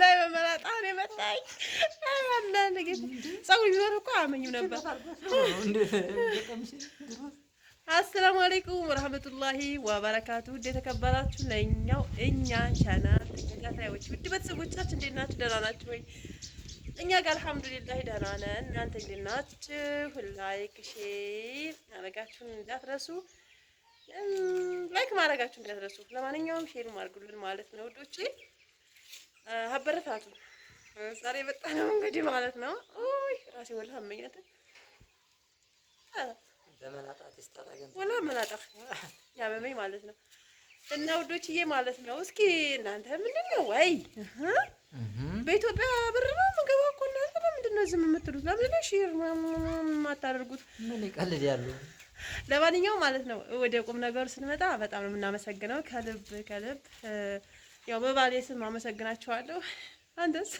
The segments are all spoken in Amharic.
ላይ በመላጣ ነው የመጣኝ። አንዳንድ ጊዜ ፀጉር ቢኖር እኮ አያመኝም ነበር። አሰላሙ አለይኩም ወራህመቱላሂ ወበረካቱ። ውድ የተከበራችሁ ለኛው እኛ ቻና ተከታታዮች ውድ ቤተሰቦቻችን እንዴት ናችሁ? ደህና ናችሁ ወይ? እኛ ጋር አልሐምዱሊላህ ደህና ነን። እናንተ እንዴት ናችሁ? ላይክ ሼር አረጋችሁን እንዳትረሱ ላይክ ማድረጋችሁ እንዳትረሱ። ለማንኛውም ሼር አድርጉልን ማለት ነው ውዶቼ አበረታቱ። ዛሬ የመጣ ነው እንግዲህ ማለት ነው። ኦይ ራሴ ወላ አመኛት ወላ መላጣ ያመመኝ ማለት ነው። እና ውዶችዬ ማለት ነው። እስኪ እናንተ ምንድን ነው ወይ በኢትዮጵያ ብር ነው የምንገባው እኮ እናንተ ለምንድን ነው ዝም የምትሉት? ለምንድን ነው ሺር የማታደርጉት? ምን ይቀልድ ያሉ ለማንኛውም ማለት ነው ወደ ቁም ነገሩ ስንመጣ በጣም ነው የምናመሰግነው ከልብ ከልብ ያው በባሌ ስም አመሰግናቸዋለሁ አንተስ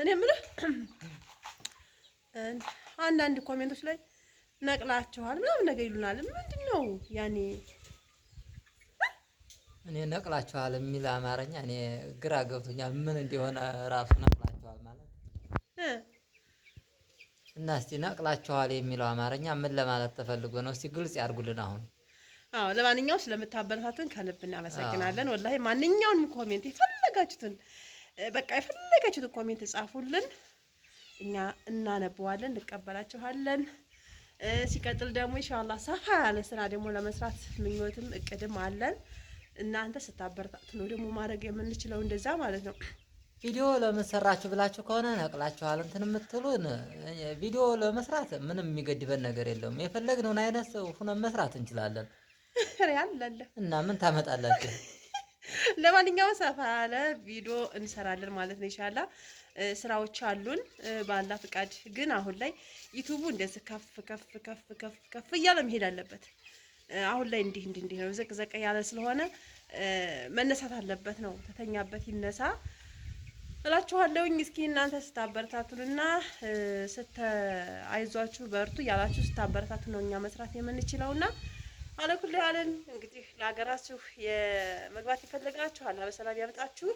እኔ የምልህ አንዳንድ ኮሜንቶች ላይ ነቅላችኋል ምናምን ነገር ይሉናል። ምንድን ነው ያኔ እኔ ነቅላችኋል የሚል አማርኛ እኔ ግራ ገብቶኛል። ምን እንደሆነ ራሱ ነቅላችኋል ማለት እና እስቲ ነቅላችኋል የሚለው አማርኛ ምን ለማለት ተፈልጎ ነው? እስቲ ግልጽ ያድርጉልን አሁን አዎ ለማንኛውም ስለምታበረታትን ከልብ እናመሰግናለን። ወላሂ ማንኛውንም ኮሜንት የፈለጋችሁትን በቃ የፈለጋችሁትን ኮሜንት ጻፉልን፣ እኛ እናነበዋለን፣ እንቀበላችኋለን። ሲቀጥል ደግሞ ኢንሻአላህ ሰፋ ያለ ስራ ደግሞ ለመስራት ምኞትም እቅድም አለን። እናንተ ስታበረታቱ ነው ደግሞ ማድረግ የምንችለው እንደዛ ማለት ነው። ቪዲዮ ለመሰራችሁ ብላችሁ ከሆነ ነቅላችኋል እንትን የምትሉን ቪዲዮ ለመስራት ምንም የሚገድበን ነገር የለውም። የፈለግነውን አይነት ሆነ መስራት እንችላለን። እና ምን ታመጣላችሁ? ለማንኛውም ሰፋ ያለ ቪዲዮ እንሰራለን ማለት ነው። ይሻላ ስራዎች አሉን ባላ ፍቃድ። ግን አሁን ላይ ዩቱቡ እንደዚህ ከፍ ከፍ ከፍ ከፍ ከፍ እያለ መሄድ አለበት። አሁን ላይ እንዲህ እንዲህ እንዲህ ነው፣ ዘቅዘቅ ያለ ስለሆነ መነሳት አለበት ነው። ተተኛበት ይነሳ እላችኋለሁኝ። እስኪ እናንተ ስታበረታቱንና ስተአይዟችሁ በርቱ እያላችሁ ስታበረታቱ ነው እኛ መስራት የምንችለውና አለኩል አለን እንግዲህ ለሀገራችሁ የመግባት ይፈልጋችሁ አላህ በሰላም ያመጣችሁ።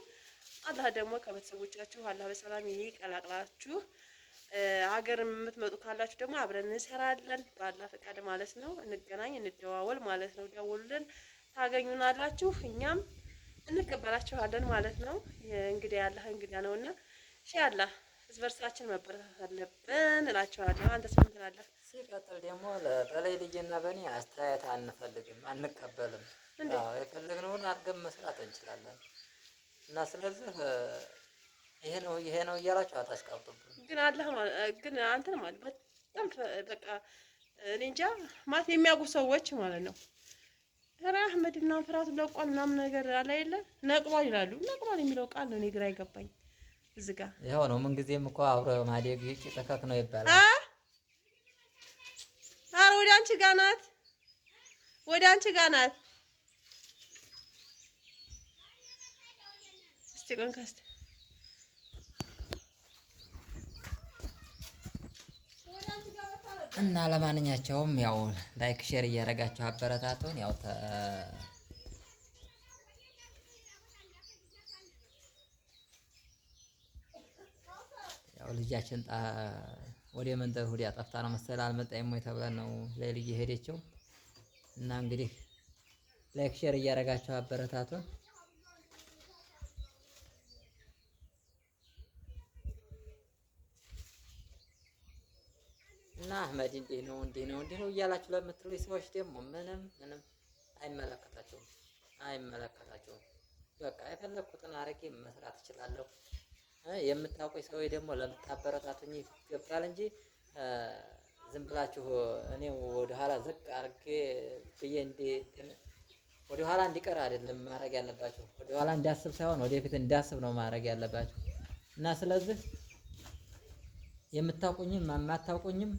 አላህ ደግሞ ከቤተሰቦቻችሁ አላህ በሰላም ይቀላቅላችሁ። ሀገር የምትመጡ ካላችሁ ደግሞ አብረን እንሰራለን በአላህ ፈቃድ ማለት ነው። እንገናኝ፣ እንደዋወል ማለት ነው። ደውሉልን፣ ታገኙናላችሁ። እኛም እንቀበላችኋለን ማለት ነው። እንግዲህ ያላህ እንግዳ ነውና ሺ አላህ ህዝበ መበረታት አለብን እላችኋለሁ። አንተ ስምንት ሲቀጥል ደግሞ በላይ ልጄና በእኔ አስተያየት አንፈልግም፣ አንቀበልም። የፈለግነውን አድርገን መስራት እንችላለን እና ስለዚህ ይሄ ነው ይሄ ነው እያላችሁ አታስቀብጡብን። ግን አላህ ግን አንተ ማለት በጣም በቃ እኔ እንጃ ማለት የሚያውቁ ሰዎች ማለት ነው ኧረ አህመድ እና ፍራቱ ለቋል ምናምን ነገር አለ የለ ነቅሏል ይላሉ። ነቅሏል የሚለው ቃል ነው እኔ ግራ አይገባኝ። እዚህ ጋር ያው ነው ምን ጊዜም እኮ አብረ ማደግ ጥከክ ነው ይባላል። አረ ወደ አንቺ ጋ ናት፣ ወደ አንቺ ጋ ናት። እስቲ ቆይ እና ለማንኛቸውም ያው ላይክ ሼር እያደረጋችሁ አበረታቱን። ያው ያው ልጃችን ወደ መንደር ሁዲ አጠፍታ ነው መሰል አልመጣም ወይ ተብለን ነው ለልጅ የሄደችው እና እንግዲህ ላይክ ሼር እያደረጋችሁ አበረታቱን። እና አህመድ እንዲህ ነው እንዲህ ነው እንዲህ ነው እያላችሁ ለምትሉ ሰዎች ደግሞ ምንም ምንም አይመለከታቸውም አይመለከታቸውም። በቃ የፈለግኩትን አርጌ መስራት እችላለሁ። የምታውቁኝ ሰዎች ደግሞ ለምታበረታቱኝ ይገባል እንጂ ዝም ብላችሁ እኔ ወደኋላ ዝቅ አርጌ ብዬ ወደኋላ እንዲቀር አይደለም ማድረግ ያለባችሁ። ወደኋላ እንዳስብ ሳይሆን ወደፊት እንዳስብ ነው ማድረግ ያለባችሁ እና ስለዚህ የምታውቁኝም የማታውቁኝም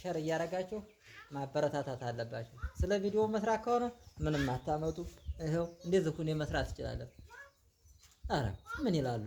ሸር እያደረጋችሁ ማበረታታት አለባችሁ። ስለ ቪዲዮ መስራት ከሆነ ምንም አታመጡ፣ ይኸው እንደዚህ ሁኔ መስራት ትችላለሁ። አረ ምን ይላሉ